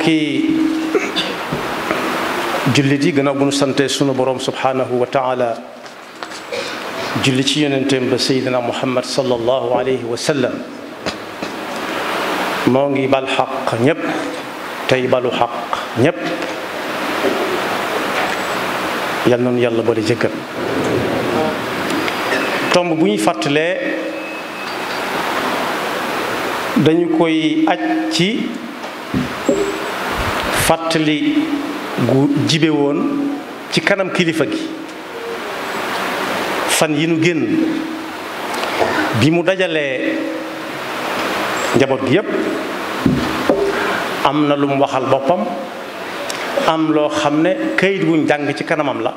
mbokki jullit yi gannaaw bu nu sante sunu borom subhanahu wa taala julli ci yonenteem ba seydina muhammad sallallahu alayhi wa sallam moo ngi bal xaq ñépp tey balu xaq ñépp yal noonu yàlla boole jëkkal tomb bu ñuy fàttalee dañu koy aj fàttali gu jibe woon ci kanam kilifa gi fan yi nu génn bi mu dajalee njaboot gi yépp am na lu mu waxal boppam am loo xam ne kayit wuñ jàng ci kanamam la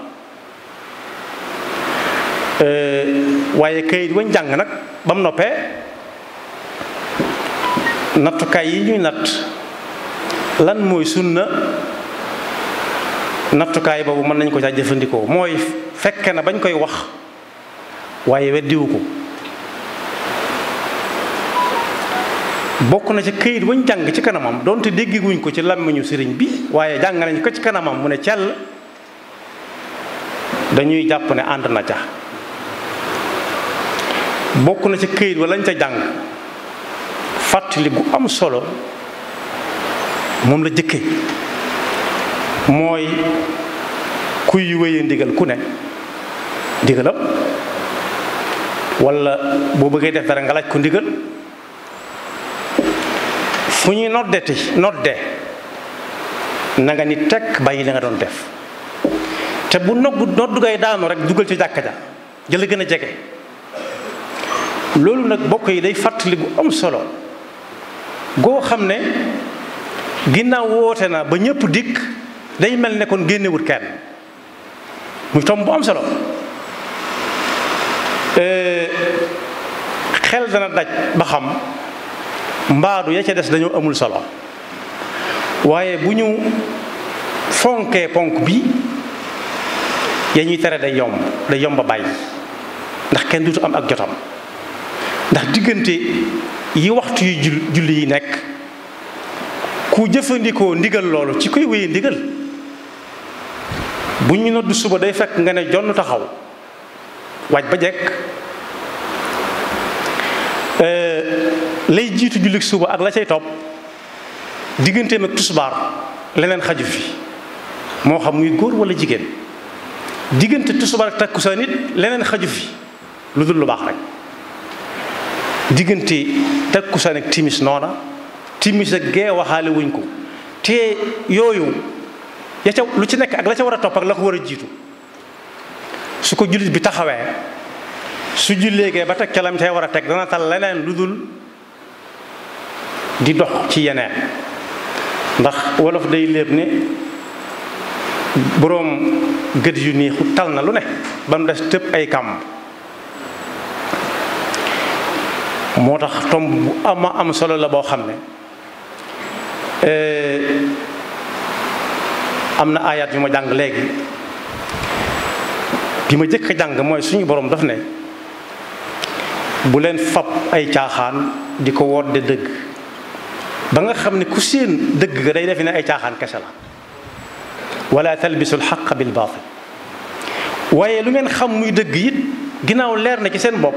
euh, waaye kayit wañ jàng nag ba mu noppee nattukaay yi ñuy natt lan mooy sunna nattukaay boobu mën nañ ko caa jëfandikoo mooy fekke na bañ koy wax waaye weddiwu ko bokk na ci këyit wuñ jàng ci kanamam donte déggiguñ ko ci làmmiñu sëriñ bi waaye jàng nañ ko ci kanamam mu ne cell dañuy jàpp ne ànd na ca bokk na ci këyit wa lañ ca jàng fàttali gu am solo moom la jëkke mooy kuy wéye ndigal ku ne ndigalam wala boo bëggee def dara nga laaj ko ndigal fu ñuy noddeti nodde na nga ni tekk bàyyi la nga doon def te bu noggu noddu gay daanu rek dugal ci jàkka ja jëla gën a jege loolu nag bokk yi day fàttali bu am solo goo xam ne ginnaaw woote na ba ñëpp dikk day mel nekkoon kon génnewut kenn muy tomb bu am solo eh, xel dana daj ba xam mbaadu ya ca des dañoo amul solo waaye bu ñu fonkee ponk bi yaa ñuy tere day yomb day yomb bàyyi ndax kenn dutu am ak jotam ndax diggante yi waxtu yu julli yi nekk ku jëfandikoo ndigal loolu ci koy wéye ndigal bu ñu nodd suba day fekk nga ne jonn taxaw waaj ba jekk eh, lay jiitu jullik suba ak la cay topp digganteem ak tusbaar leneen xaju fi moo xam muy góor walla jigéen diggante tusbaar ak takkusaan it leneen xaju fi lu dul lu baax rek diggante takkusaan ak timis noona timis ak gee waxaale wuñ ko te yooyu ya lu ci nekk ak la ca war a topp ak la ko war a jiitu su ko jullit bi taxawee su gee ba teg ca lam tey war a teg dana tal leneen lu dul di dox ci yeneen ndax wolof day léeb ne boroom gët yu neexu tal na lu ne ba mu des tëb ay kàmm moo tax tomb bu ama am solo la boo xam ne Eh, am na aayaat yu ma jàng léegi bi ma jëkk a jàng mooy suñu boroom daf ne bu leen fab ay caaxaan di ko woot wodde dëgg ba nga xam ne ku seen dëgg ga day defe ne ay caaxaan kese la wala talbisul xaq bil baatil waaye lu ngeen xam muy dëgg it ginnaaw leer na ci seen bopp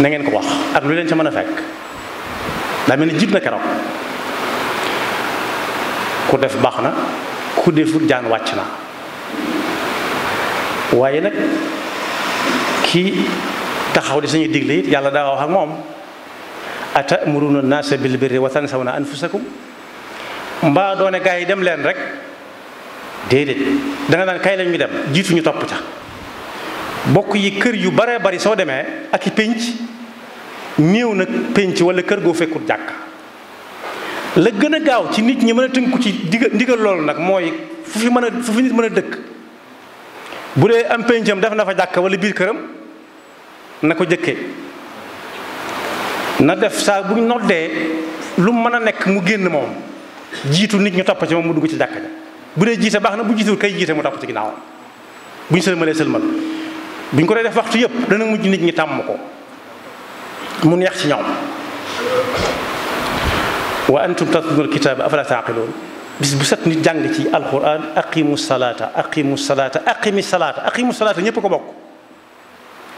na ngeen ko wax ak lu leen ca mën a fekk daa mel ni jiit na keroog ku def baax na ku deful jaan wàcc na waaye nag kii taxaw di suñuy digle it yàlla daa wax ak moom atamuruna naasa bil birri wa tansawna anfusakum mbaa doone gaa yi dem leen rek déedéet danga naan kay lañ ñu dem jiituñu topp ca bokk yi kër yu bare bari soo demee ak i pénc néew nag pénc wala kër goo fekkul jàkk la gën a gaaw ci nit ñi mën a tënku ci diga ndigal loolu nag mooy fu fi mën a fu fi nit mën a dëkk bu dee am péncam def na fa jàkk wala biir këram na ko jëkkee na def saa bu noddee lu mën a nekk mu génn moom jiitu nit ñu topp ci moom mu dugg ci jàkk ja bu dee jiite baax na bu jiitul kay jiite mu topp ci ginnaawam bu ñu sëlmalee sëlmal bu ñu ko dee def waxtu yëpp dana mujj nit ñi tàmm ko mu neex ci ñoom wa antum tatluna alkitaba afala taaqiluun bis bu set nit jàng ci alquran aqimu salaata aqimu salaata aqimi salaata aqimu salaata ñépp ko bokk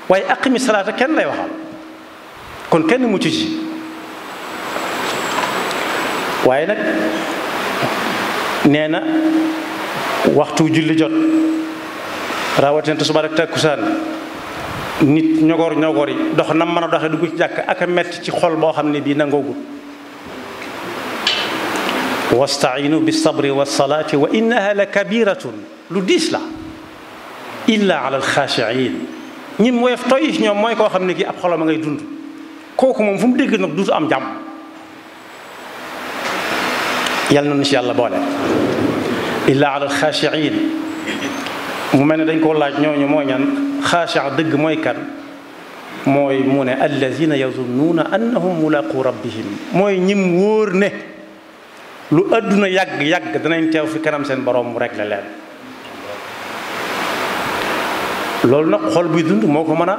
waaye aqimi salaata kenn lay waxal kon kenn mucc ci waaye nag nee na waxtu julli jot rawatina tisbaar ak takkusaan nit ñogor ñogor yi dox nam mën a doxe dugg ci jàkk ak a ci xol boo xam ne bii nangoogul wastainu bi sabri wa salaati wa innaha lu diis la illa ala alxaashiin ñim woyof toy ñoom mooy koo xam ne kii ab xolam a ngay dund kooku moom fu mu dégg nag am jàmm yàlla na nu ci yàlla boole illa ala alxaashiin mu mel ne dañ koo laaj ñooñu moo ñan xaasha dëgg mooy kan mooy mu ne allazina yazunnuuna annahum mulaqu rabbihim mooy ñim wóor ne lu àdduna yàgg-yàgg danañ teew fi kanam seen borom mu rek leen loolu nag xool buy dund moo ko mën a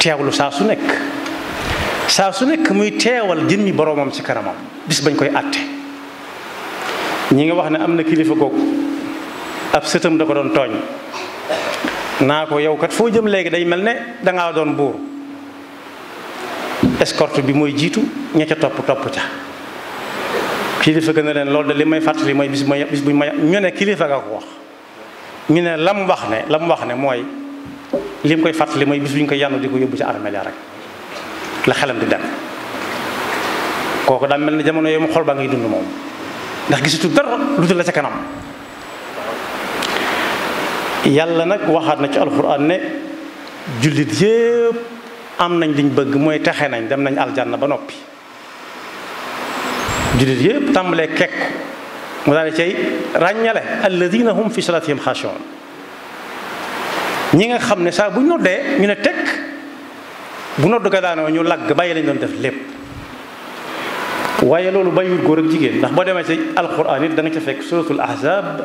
teewlu saa su nekk saa su nekk muy teewal jëmmi boromam ci kanamam bis bañ koy àtte ñi nga wax ne am na kilifa googu ab sëtam da ko doon tooñ naa ko yow kat foo jëm léegi day mel ne danga doon buur escorte bi mooy jiitu ña ca topp topp ca kilifa gën a leen lool de li may fàttali mooy bis mooy bis bu may ñu ne kilifa nga ko wax ñu ne lam wax ne lam wax ne mooy li mu koy li may bis bu ñu ko yànnu di ko yóbbu ci armeel rek la xelam di dem kooku daa mel ne jamono yooyu mu xol baa ngi dund moom ndax gisatu dara lu dul la ca kanam yàlla nag waxaat na ci alxuraan ne jullit yépp am nañ liñ bëgg mooy texe nañ dem nañ aljanna ba noppi jullit yépp tàmbalee kekku mu daal di cay ràññale alladina hum fi salatihim xaashi'un ñi nga xam ne saa bu ñu noddee ñu ne tekk bu nodd ga daanoo ñu lagg bàyyi lañ doon def lépp waaye loolu bàyyiwul góor ak jigéen ndax boo demee ci alxuraan it da nga fekk suratul ahzab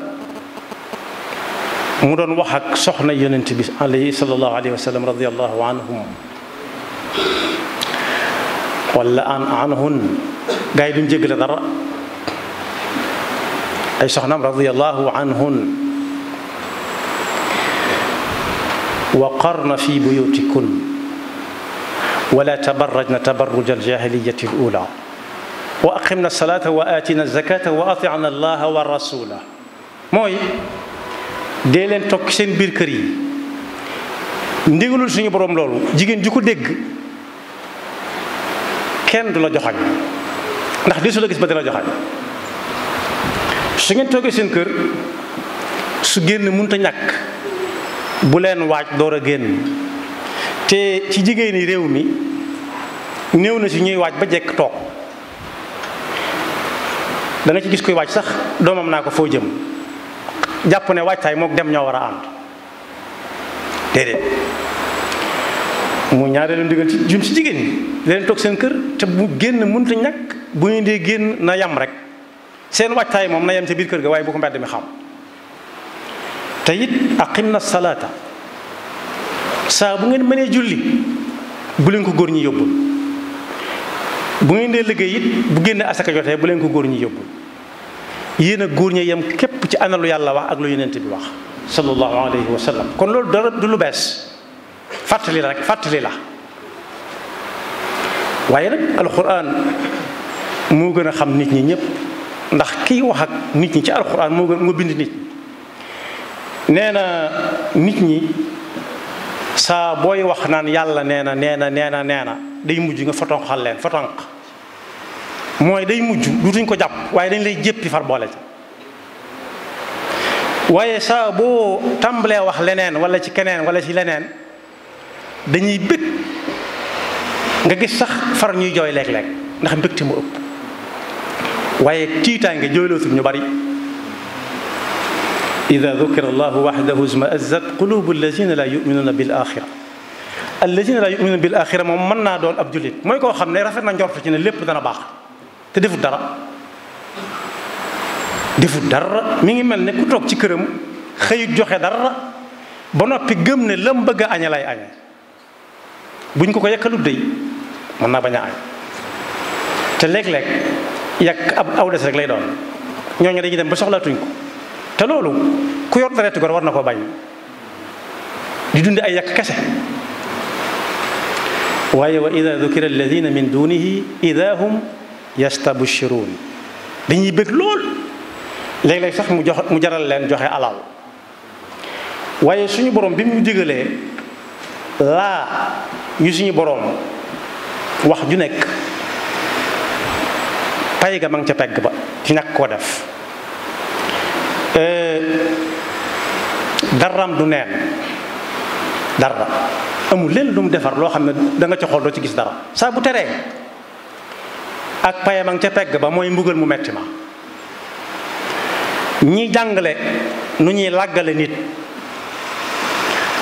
mu doon wax ak soxna yonent bi alayhi sallallahu alayhi wa sallam radiallahu anhum wala an anhun gaa yi duñ jéggale dara ay soxnaam radiallahu anhun wa qarna fi buyutikun wala tabarrajna tabarruj aljahiliyati alula wa aqimna salata wa atina zakata wa atina allaha wa rasula mooy dee leen toog seen biir kër yi ndigalul suñu borom loolu jigéen ju ko dégg kenn du la joxañ ndax di su la gis ba dina joxañ su ngeen toogee seen kër su génn mënta ñàkk bu leen waaj door a génn te ci jigéen yi réew mi néew na si ñuy waaj ba jekk toog dana ci gis koy waaj sax doomam naa ko foo jëm jàpp ne waajtaay mook dem ñoo war a ànd déedéet mu ñaareelu ndigal ci jëm ci jigéen ñi leen toog seen kër te bu génn mënta ñàkk bu ñu dee génn na yam rek seen waajtaay moom na yam ca biir kër ga waaye bu ko mbedd mi xam te it aqim na salaata saa bu ngeen mënee julli bu leen ko góor ñi yóbbul bu ngeen dee liggéey it bu génne asaka jotee bu leen ko góor ñi yóbbul yéen ak góor ña yem képp ci analu yàlla wax ak lu yonent bi wax sallallahu alayhi wa sallam kon bees fàttali la rek fàttali la waaye nag alquran moo gën a xam nit ñi ñëpp ndax kiy wax ak nit ñi ci alquran moo gën moo bind nit ñi nee na nit ñi saa booy wax naan yàlla nee na nee na nee na nee na day mujj nga fotonqal leen fotonq mooy day mujj dutuñ ko jàpp waaye dañ lay jéppi far boole ca waaye saa boo tàmbalee wax leneen wala ci keneen walla ci leneen dañuy bëgg nga gis sax far ñuy jooy léeg-léeg ndax mbëgte mu ëpp waaye tiitaange jooylootul ñu bari ida dukira allahu waxdahu isma'azzat qulubu allazina la yuminuuna bil axira allazina la yuminuuna bil axira moom mën naa doon ab jullit mooy koo xam ne rafet na njortu ci ne lépp dana baax te defut dara defut dara mi ngi mel ne ku toog ci këram xëyut joxe dara ba noppi gëm ne lam bëgg a aña lay añe buñ ko ko yekkalut dey mën naa bañ añ te léeg-léeg yàq ab aw des rek lay doon ñooñu dañuy dem ba soxlaatuñ ko te loolu ku yor deretu gor war na ko bañ di dunde ay yàq kese waaye wa ida dukira alladina min dunihi ida hum yastabshirun dañuy bëgg lool léeg-léeg sax mu jox mu jaral leen joxe alal waaye suñu boroom bi mu digalee laa yu suñu boroom wax ju nekk pay ga ma nga ca pegg ba ci ñàkk koo def eh, daram du neen dara amul leen lu mu defar loo xam ne danga nga doo ci gis dara saa bu teree ak payam ak ca pegg ba mooy mbugal mu metti ma ñii jàngale nu ñuy làggale nit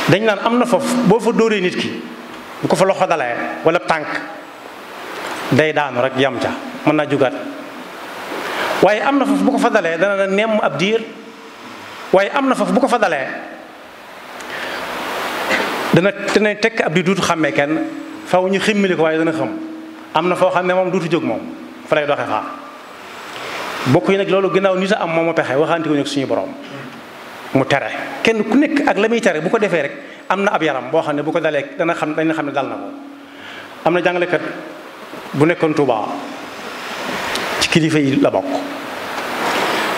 dañ naan am na foofu boo fa dóoree nit ki bu ko fa loxo dalee wala tànk day daanu rek yam ca mën naa jugaat waaye am na foofu bu ko fa dana na waaye am na foofu bu ko fa dana dana tekk ab di duut xàmmee kenn faw ñu ximmili ko waaye dana xam am na foo xam ne moom duutu jóg moom fa lay doxee xaar bokk yi nag loolu gannaaw nit a am moom a pexe waxaante wuñu ak suñu borom mu tere kenn ku nekk ak la muy tere bu ko defee rek am na ab yaram boo xam ne bu ko dalee dana xam dana xam ne dal na ko am na jàngalekat bu nekkoon Tuubaa ci kilifa yi la bokk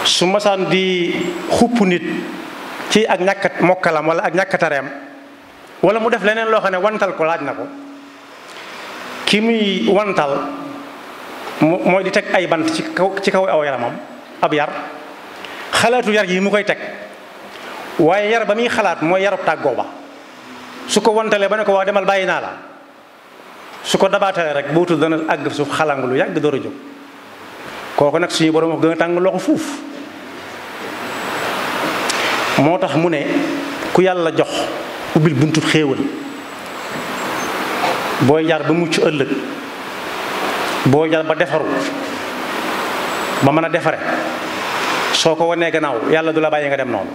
su masaan di xupp nit ci ak ñàkkat mokkalam wala ak ñàkk tareem wala mu def leneen loo xam ne wantal ko laaj na ko ki muy wantal mooy di teg ay bant ci kaw ci kaw aw yaramam ab yar xalaatu yar yi mu koy teg waaye yar ba muy xalaat mooy yarub tàggoo ba su ko wantalee ba ne ko wax demal bàyyi naa la su ko dabaatalee rek buutul dana àgg suuf xalangu lu yàgg a jóg kooku nag suñu borom wax gën a tàng loxo fuuf moo tax mu ne ku yàlla jox ubbil buntub xéewal booy jaar ba mucc ëllëg boo yar ba defaru ba mën a defare soo ko wanee gannaaw yàlla du la bàyyi nga dem noonu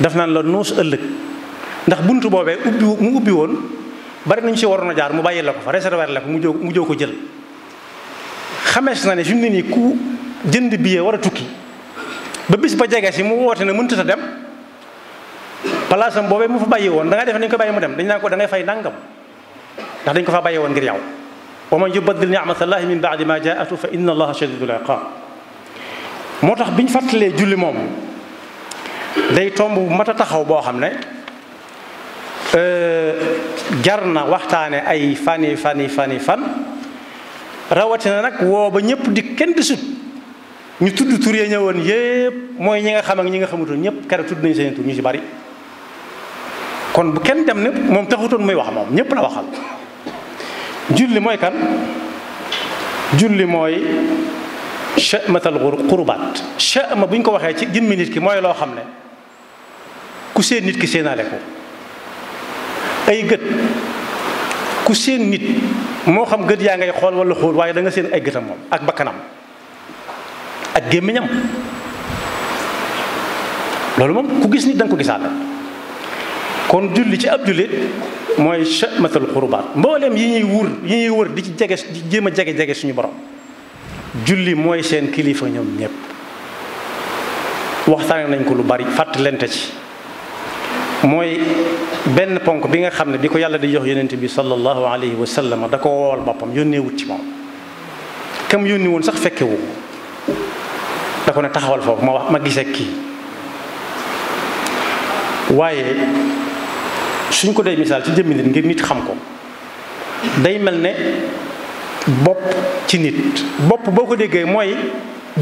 def naan la nuus ëllëg ndax buntu boobee ubbi mu ubbi woon bari nañu ci waroon a jaar mu bàyyi la ko fa réserver la ko mu jóg mu jóg ko jël xamees na ne fi mu nii ku jënd billet war a tukki ba bis ba jege si mu woote na mënut a dem palaasam boobee mu fa bàyyi woon da nga def ni ñu ko bàyyi mu dem dañ naan ko da ngay fay nangam. ndax dañ ko fa bàyyi woon ngir yow wa man yubaddil ni'matallahi min ba'di ma jaa'atu fa inna allaha shadidul iqaab moo tax biñ fàttalee julli day tomb mat a taxaw boo xam ne euh, jar na waxtaane ay fani fani fani fan rawatina nag woo ba ñëpp di kenn di sut ñu tudd tur ya ñëwoon yépp mooy ñi nga xam ak ñi nga xamutoon ñëpp keroog tudd nañu seen tur ñu si bari kon bu kenn dem ne moom taxutoon muy wax moom ñëpp la waxal julli mooy kan julli mooy chamatal qurubaat chama bu ñu ko waxee ci jëmmi nit ki mooy loo xam ne ku seen nit ki seenaale ko ay gët ku seen nit moo xam gët yaa ngay xool wala xool waaye danga nga seen ay gëtam moom ak bakkanam ak gémmiñam loolu moom ku gis nit da ko gisaale kon julli ci ab jullit mooy chamatal xurubaat mbooleem yi ñuy wur yi ñuy wër di ci jege di jéem a jege-jege suñu borom julli mooy seen kilifa ñoom ñëpp waxtaane nañ ko lu bari fàttalante ci mooy benn ponk bi nga xam ne bi ko yàlla di jox yonent bi sallallahu alayhi wa sallam da ko woowal boppam yónnee wut ci moom kam yónni woon sax fekke wu da ko ne taxawal foofu ma wax ma gisee kii waaye suñ ko dee misaal ci jëmmi nit ngir nit xam ko day mel ne bopp ci nit bopp boo ko déggee mooy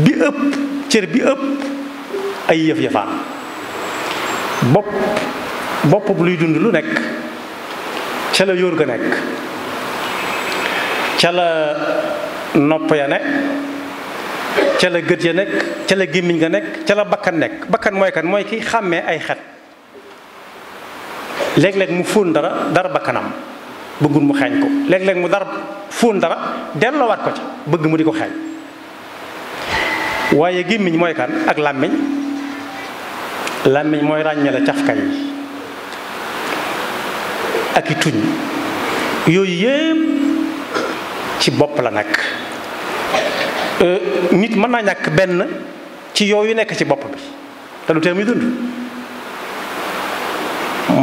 bi ëpp cër bi ëpp ay yëf yëfaan bopp bopp bu luy dund lu nekk ca la yóor ga nekk ca la nopp ya nekk ca la gët ya nekk ca la gémmiñ ga nekk ca la bakkan nekk bakkan mooy kan mooy ki xàmmee ay xet léeg-léeg mu fóon dara dara bakkanam bëggul mu xeeñ ko léeg-léeg mu dara fóon dara delloowaat ko ci bëgg mu di ko xeeñ waaye gémmiñ mooy kan ak làmmiñ làmmiñ mooy ràññee la ràññale cafkañ yi ak i tuñ yooyu yépp ci bopp la nag euh, nit mën naa ñàkk benn ci yooyu nekk ci bopp bi te du dund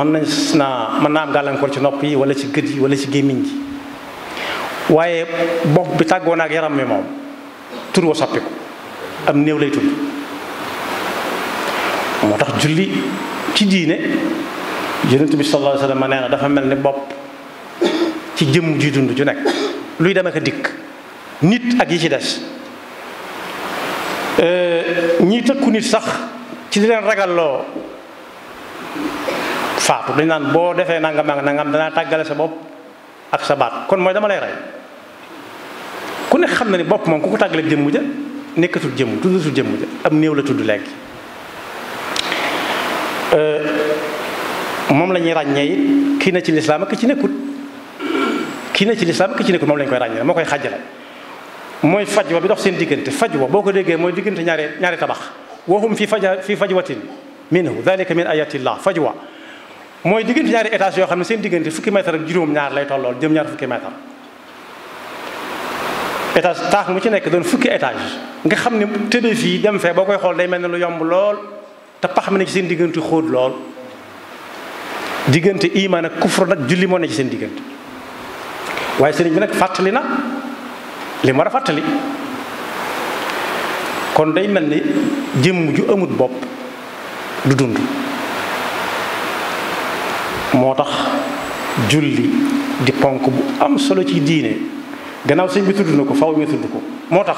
mën na naa mën naa am gàllankoor ci nopp yi wala ci gët yi wala ci gémmiñ gi waaye bopp bi tàggoo na ak yaram mi moom tur wa soppiku am néew lay tudd moo tax julli ci diine yonent bi sallallahu dafa mel ni bopp ci dund ju nekk luy dem ak a dikk nit ak yi ci des ñiy tëkku nit sax ci leen ragalloo faatu dañ naan boo defee nangam nangam danaa tàggale sa bopp ak sa baat kon mooy dama lay rey ku nekk xam na ni bopp moom ku ko tàggale jëmm ja nekkatul jëmm tuddatul jëmm ja am néew la tudd léegi moom la ñuy ràññee kii na ci lislaam ak ki ci nekkut kii na ci lislaam ak ki ci nekkut moom la koy ràññee moo koy xàjjale mooy fajwa bi dox seen diggante fajwa boo ko déggee mooy diggante ñaari ñaari tabax waxum fi faja fi fajwatin minhu dalika min ayatillah wa mooy diggante ñaari étage yoo xam ne seen diggante fukki mètre ak juróom-ñaar lay tollool jëm ñaar fukki mètre étage taax mu ci nekk doon fukki étage nga xam ne tëddee fii dem fee boo koy xool day mel ne lu yomb lool te pax mi ne ci seen diggante xóot lool diggante iman ak kufur nag julli moo ne ci seen diggante waaye sëriñ bi nag fàttali na li mu war a fàttali kon day mel ni jëmm ju amut bopp du dund moo tax julli di ponk bu am solo ci diine gannaaw sëñ bi tudd ko faw ñu tudd ko moo tax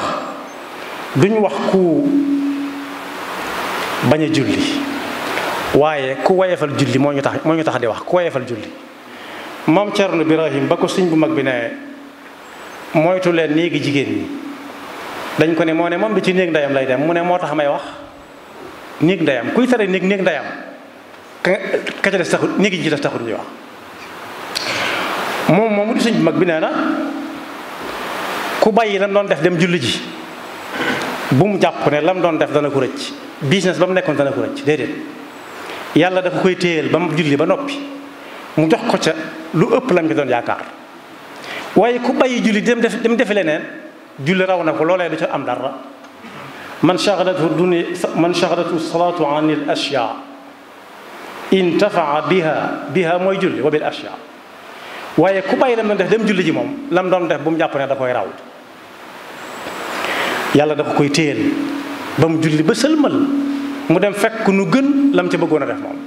duñ wax ku bañ a julli waaye ku wayefal julli moo ñu tax moo ñu tax di wax ku wayefal julli maam Cerno Birahim ba ko sëñ bu mag bi ne moytu leen néegi jigéen ñi dañ ko ne moo ne moom bi ci néeg ndeyam lay dem mu ne moo tax may wax néeg ndeyam kuy tere néeg néeg ndeyam ka ka ca des taxul néegi ñu ci des taxul ñuy moom moomu di sëñ bi mag bi nee na ku bàyyi lam doon def dem julli ji bu mu jàpp ne lam doon def dana ko rëcc business ba mu nekkoon dana ko rëcc déedéet yàlla dafa koy téyeel ba mu julli ba noppi mu jox ko ca lu ëpp lam ci doon yaakaar waaye ku bàyyi julli dem def dam defe leneen julli raw na ko loolee du ca am dara man shaghalatu dunya man shaghalatu salaatu an al intafaa biha biha mooy julli wa bil waaye ku bàyyi lam na def dem julli ji moom lam doon def bu mu jàpp ne da koy raw yàlla da koy téyel ba mu julli ba sëlmal mu dem fekk nu gën la ca bëggoon a def moom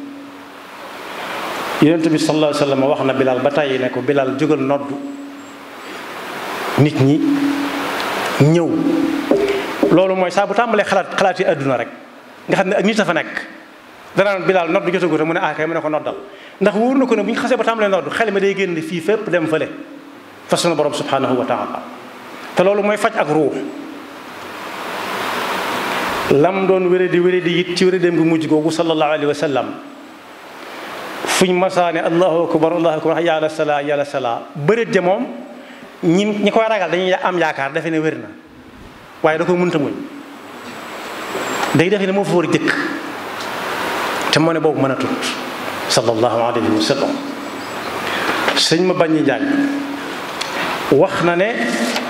yonent bi sallallahu alayhi wa sallam wax na bilal ba tàyyi ne ko bilal jógal noddu nit ñi ñëw loolu mooy saa bu tàmbalee xalaat xalaat yi àdduna rek nga xam ne ak nit a fa nekk danaan bilaal nodd jotagut mu ne ah kay mu ne ko noddal ndax wóor na ko ne bu ñu xasee ba tàmbalee nodd xel mi day génn fii fépp dem fële fa sunu borom subhanahu wa taala te loolu mooy faj ak ruux lam doon wéré di wéré di it ci wéré dem gu mujj googu sallallahu alayhi wa sallam fuñ masaane allahu akbar allahu akbar yàlla salaa yàlla salaa bërit ja moom ñi ñi koy ragal dañuy am yaakaar defe ne wér na waaye da ko mënta muñ day defe ne moo fa war jëkk te moo ne boobu mën a tut sallallahu alayhi wa sallam sëñ ma bañ i jàng wax na ne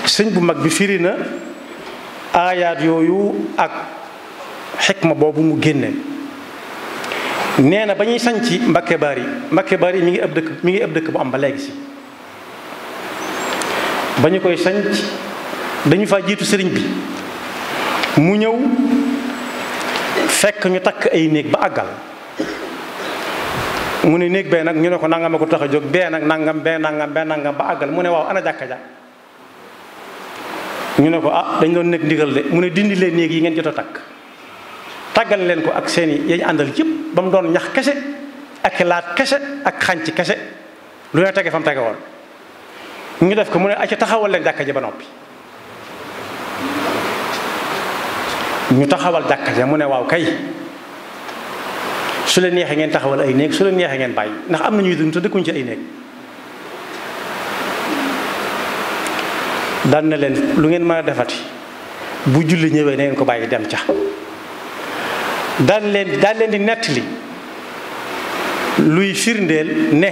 sëñ bu mag bi firi na aayaat yooyu ak xikma boobu mu génne nee na ba ñuy sañci Mbakke Baari Mbakke Baari mi ngi ab dëkk ngi ab dëkk bu am ba léegi si ba ñu koy sañc dañu fa jiitu sëriñ bi mu ñëw fekk ñu takk ay néeg ba àggal mu ne néeg bee nag ñu ne ko nangam ko tax a jóg bee nag nangam bee nangam bee nangam ba àggal mu ne waaw ana jàkka ja ñu ne ko ah dañ doon nekk ndigal mu ne dindi leen néeg yi a takk tàggal leen ko ak seen i àndal yëpp ba mu doon ñax kese ak laat kese ak xànc kese lu ne tege fa mu tege def ko mu ne acca taxawal leen ba noppi ñu taxawal jàkka mu ne waaw kay su la neexee ngeen taxawal ay néeg su la neexee ngeen bàyyi ndax am na ñuy dund te dëkkuñ ci ay néeg daan na leen lu ngeen mën a defati bu julli ñëwee na ngeen ko bàyyi dem ca daan leen di nettali luy firndeel ne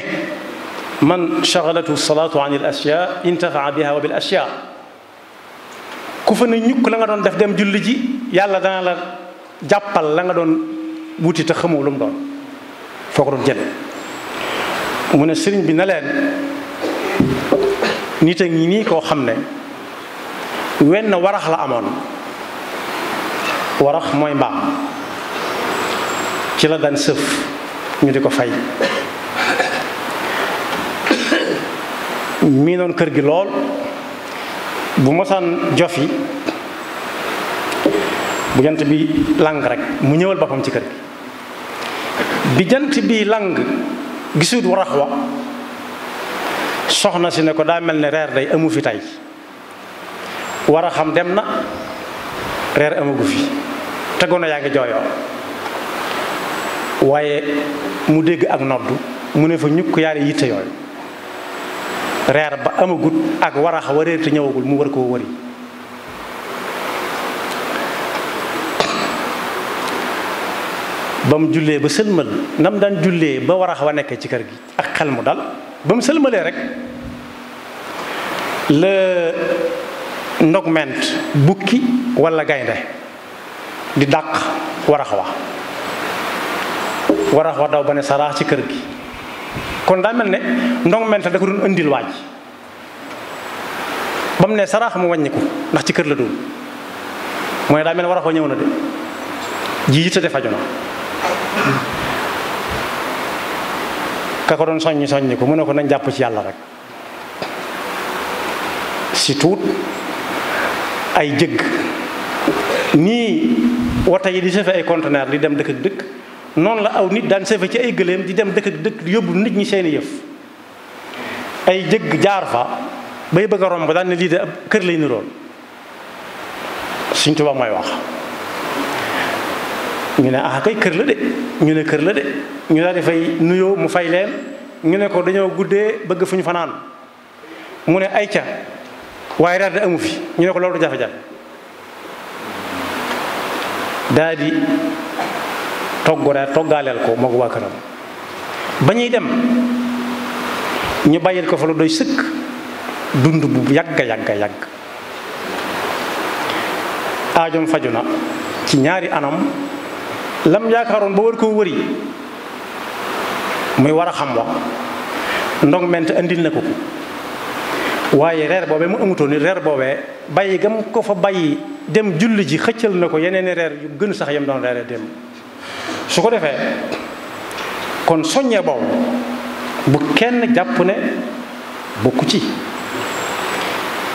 man chagalatu salaatu an al asya intafaa biha wa bil asya ku fa ne ñukk la nga doon def dem julli yàlla dana la jàppal la nga doon wuti te xamoo lu doon foo ko doon jële mu ne sëriñ bi na leen nit a ngi nii koo xam ne wenn warax la amoon warax mooy mbaam ci la daan sëf ñu di ko fay mii noon kër gi lool bu mosaan jofi bu jant bi lang rek mu ñëwal boppam ci kër gi bi jant bi lang gisut warax wa soxna si ne ko daa mel ne reer day amu fi tey war a xam dem na reer amagu fi te gone yaa ngi jooyoo waaye mu dégg ak noddu mu ne fa ñukk yaari yitte yooyu reer ba amagut ak warax wareer te ñëwagul mu war koo wëri ba mu jullee ba sëlmal nam daan jullee ba war a a nekkee ci kër gi ak xel mu dal ba mu sëlmalee rek la ndog ment bukki walla gaynde di dàq warax wa warax wa daw ba ne saraax ci kër gi kon daa mel ne ndog ment da ko doon indil waaj ba mu ne saraax mu wàññiku ndax ci kër la doon mooy daa mel ne warax wa ñëw na de ji yitte defa jona ka ko doon soññ soññ ko mu ne ko nañ jàpp ci yàlla rek si tuut ay jëgg nii wata yi di sëfe ay conteneur di dem dëkk dëkk noonu la aw nit daan sëfe ci ay gëléem di dem dëkk ak dëkk yóbbu nit ñi seeni yëf ay jëgg jaar fa bay bëgg romb daan ne lii de ab kër lay niroon suñ Tuubaa mooy wax ñu ne ah kay kër la de ñu ne kër la de ñu daal di fay nuyoo mu fay leen ñu ne ko dañoo guddee bëgg fu ñu fanaan mu ne ay ca waaye daal di amu fi ñu ne ko loolu jafe-jafe daal di toggaaleel ko moo ko waa këram ba ñuy dem ñu bàyyil ko fa lu doy sëkk dund bu yàgga yàgga yàgg aajom faju na ci ñaari anam lam yaakaaroon ba war koo wëri muy war a xam wa ndong ment andil na ko waaye reer boobee mu amutoon ni reer boobee bàyyi gam ko fa bàyyi dem julli ji xëccal na ko yeneen i reer yu gën sax yem doon reere dem su ko defee kon soññee boobu bu kenn jàpp ne bokku ci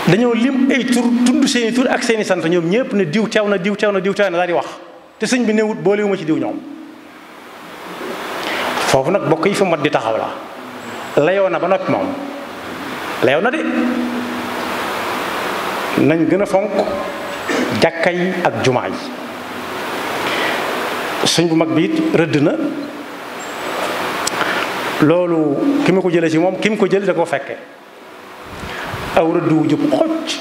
dañoo lim ay tur tudd seeni tur ak seeni sant ñoom ñëpp ne diw teew na diw teew na diw teew na daal di wax te sëñ bi newut boolewuma ci diw ñoom foofu nag bokk yi fa mat di taxaw la layoo na ba noppi moom layoo na de nañ gën a fonk jàkka yi ak jumaa yi sëñ bu mag bi rëdd na loolu ki mu ko jëlee ci moom kim ko jël da koo fekke aw rëdd wu jub xocc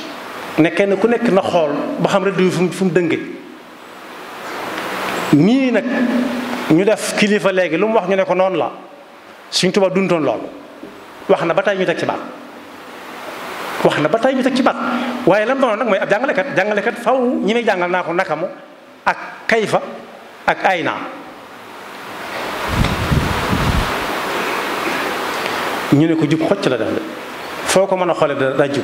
ne kenn ku nekk na xool ba xam rëdd wi fu mu dënge nii nag ñu def kilifa léegi lu mu wax ñu ne ko noonu la Sëriñ Tuubaa duntoon loolu wax na ba tey ñu teg ci baat wax na ba tey ñu teg ci baat waaye lam doon nag mooy ab jàngalekat jàngalekat faw ñi may jàngal naa ko mu ak kayfa ak ay naa ñu ne ko jub xocc la def de foo ko mën a xoole da daa jub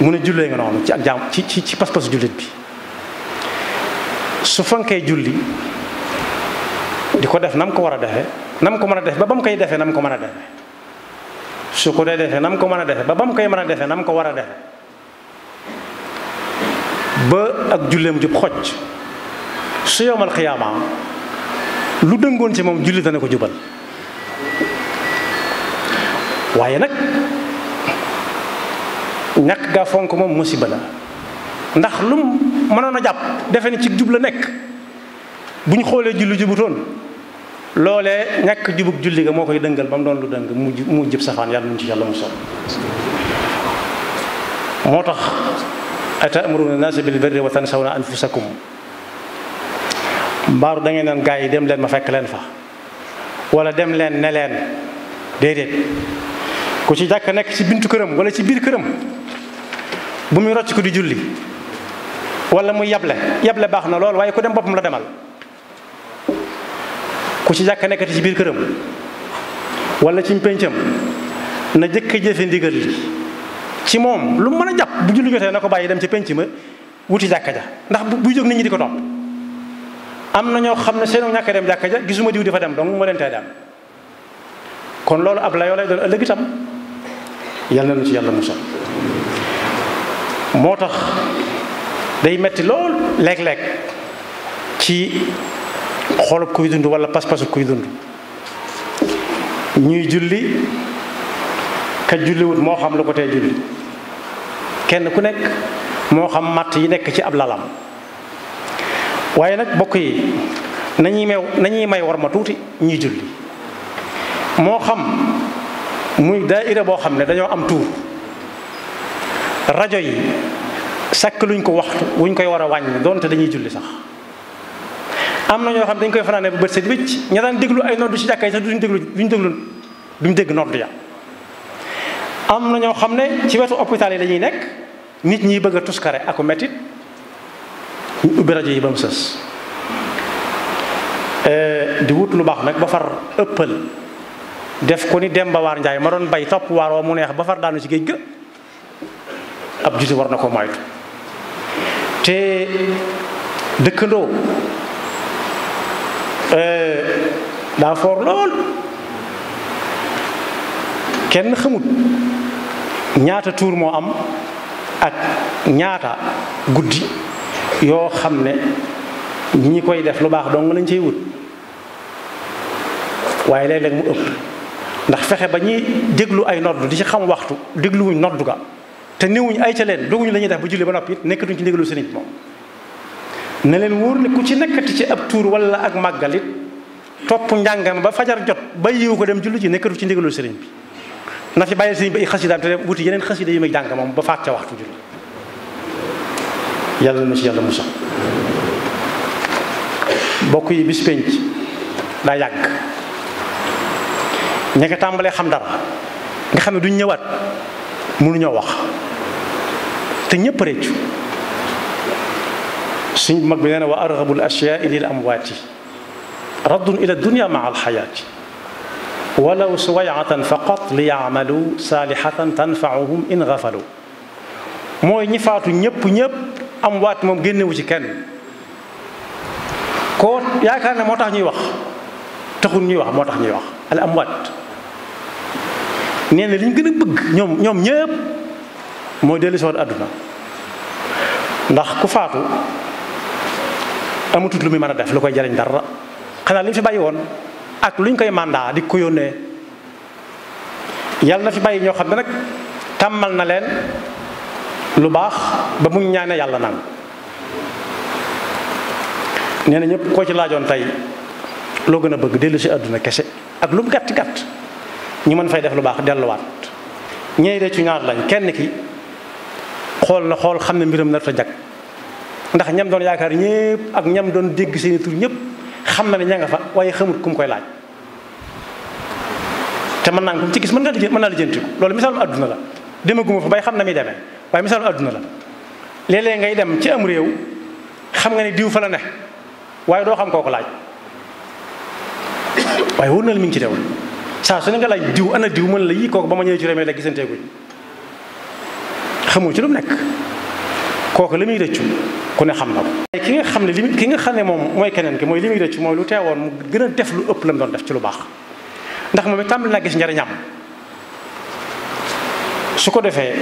mu ne jullee nga noonu ci ak jaam ci ci ci pas-pas jullit bi su fonkee julli di ko def nam ko war a defe nam ko mën a defe ba ba mu koy defee nam ko mën a defe su ko dee defee nam ko mën a defe ba ba mu koy mën a defe nam ko war a defe ba ak julleem jub xoj su yowmal xiyaama lu dëngoon ci moom julli dana ko jubal waaye nag ñàkk gaa fonk moom musiba la ndax lu mënoon a jàpp defe ne ci jub la nekk bu ñu xoolee julli jubutoon loolee ñàkk jubug julli ga moo koy dëngal ba mu doon lu dëng mu mu jëb safaan yàlla mu ci yàlla mu sol moo tax atamuruna naasa bil birri wa tansawna anfusakum mbaaru da ngeen naan gaa yi dem leen ma fekk leen fa wala dem leen ne leen déedéet ku ci jàkk nekk ci bintu këram wala ci biir këram bu muy rocc ko di julli wala muy yable yable baax na lool waaye ku dem boppam la demal ku ci jàkk nekkati ci biir këram wala ci péncam na jëkk jëfe ndigal li ci moom lu mën a jàpp bu julli jotee na ko bàyyi dem ci penc ma wuti jàkka ja ndax bu jóg nit ñi di ko topp am na ñoo xam ne seenu ñàkk dem jàkka ja gisuma diw di fa dem donc ma leen tey dem kon loolu ab layoo lay doon ëllëg itam yal na nu ci yàlla musal moo day metti lool léeg-léeg ci xolub kuy dund wala pas-pasu kuy dund ñuy julli ka julliwut moo xam lu ko tee julli kenn ku nekk moo xam matt yi nekk ci ab lalam waaye nag bokk yi nañuy meew nañuy may war ma tuuti ñuy julli moo xam muy daaira boo xam ne dañoo am tuur rajo yi sakk luñ ko waxtu wuñ koy war a wàññi donte dañuy julli sax am na ñoo xam ne dañ koy fanaane bu bët set wicc ña daan déglu ay noddu ci jàkka yi sax duñ déglu duñ déglu duñ dégg noddu ya na ñoo xam ne ci wetu hôpital dañuy nekk nit ñi bëgg a tuskare aku mettit ubbi rajo yi ba sës euh, di wut lu baax nag ba far ëppal def ko ni Demba Waar Njaay ma doon bay topp waar mu neex ba far daanu ci géej ga ab juti war na ko moytu te dëkkandoo euh, daa foor lool kenn xamut ñaata tuur moo am ak ñaata guddi yoo xam ne ñi koy def lu baax dong lañ cey wut waaye léeg-léeg mu ëpp ndax fexe ba ñuy déglu ay nodd di ci xam waxtu dégluwuñ noddu ga te néewuñu ay ca leen doguñu la ñuy def bu julli ba noppi it ci ndigalu sëriñ moom ne leen wóor ne ku ci nekkati ci ab tuur wala ak màggal it topp njàngam ba fajar jot ba yiwu ko dem julli ci nekkatu ci ndigalu sëriñ bi na fi bàyyi sëriñ bi ay xasidaam te dem wuti yeneen xasida yu muy jàng moom ba faat ca waxtu julli yàlla na ci yàlla mu musa bokk yi bis penc daa yàgg ña nga tàmbalee xam dara nga xam ne duñ ñëwaat mënuñoo wax te ñëpp réccu mag bi nee na wa arghabul ashyaai lil amwaati raddun ila dunya maa alxayaati walaw suwayatan faqat li yaamalu saalihatan in gafalu mooy ñi faatu ñëpp ñëpp am moom génnewu ci kenn koo yaakaar ne moo tax ñuy wax taxul ñuy wax moo tax ñuy wax al amwaat li ñu gën a bëgg ñoom ñoom ñëpp mooy dellu si waat àdduna ndax ku faatu amatut lu muy mën a def lu koy jariñ dara xanaa li fi bay woon ak luñ koy mandat di ko yónnee yàlla na fi bay ñoo xam ne nag tàmmal na leen lu baax ba mu ñaane yàlla naan nee na ñëpp koo ci laajoon tey loo gën a bëgg dellu si àdduna kese ak lu mu gàtt ñu mën fay def lu baax delluwaat ñeey de ci lañ kenn ki xool na xool xam ne mbiram nar ta jag ndax ñam doon yaakaar ñëpp ak ñam doon dégg seeni tur ñëpp xam na ne ña nga fa waaye xamut ku koy laaj te mën naa ko ci gis mën naa lijjanti mën naa lijjanti loolu misaalum àdduna la demaguma fa bay xam na muy demee waaye misaalum àdduna la léeg ngay dem ci am réew xam nga ne diw fa la ne waaye doo xam kooku laaj waaye wóor na la mi ngi ci dew saa su ne nga laaj diw ana diw mën la yii kooku ba ma ñëwee ci réew mi la gisanteeguñ xamoo ci lu mu nekk kooku li muy rëccu ku ne xam na ko ki nga xam ne li ki nga xam ne moom mooy keneen ki mooy li muy rëccu moom lu teewoon mu gën a def lu ëpp la mu doon def ci lu baax ndax moom itam la gis njariñam su ko defee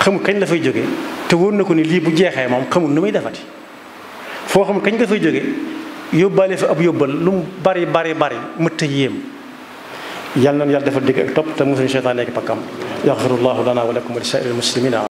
xamul kañ la fay jóge te wóor na ko ni lii bu jeexee moom xamul nu muy defati foo xamul kañ la fay jóge yóbbaale fa ab yóbbal lu mu bari bari bari mëtt yéem yal nañu yàlla defal dégg ak topp te mosuñu seytaan nekk pakkam yaxfirullahu lana wa lakum wa li saa'iril muslimina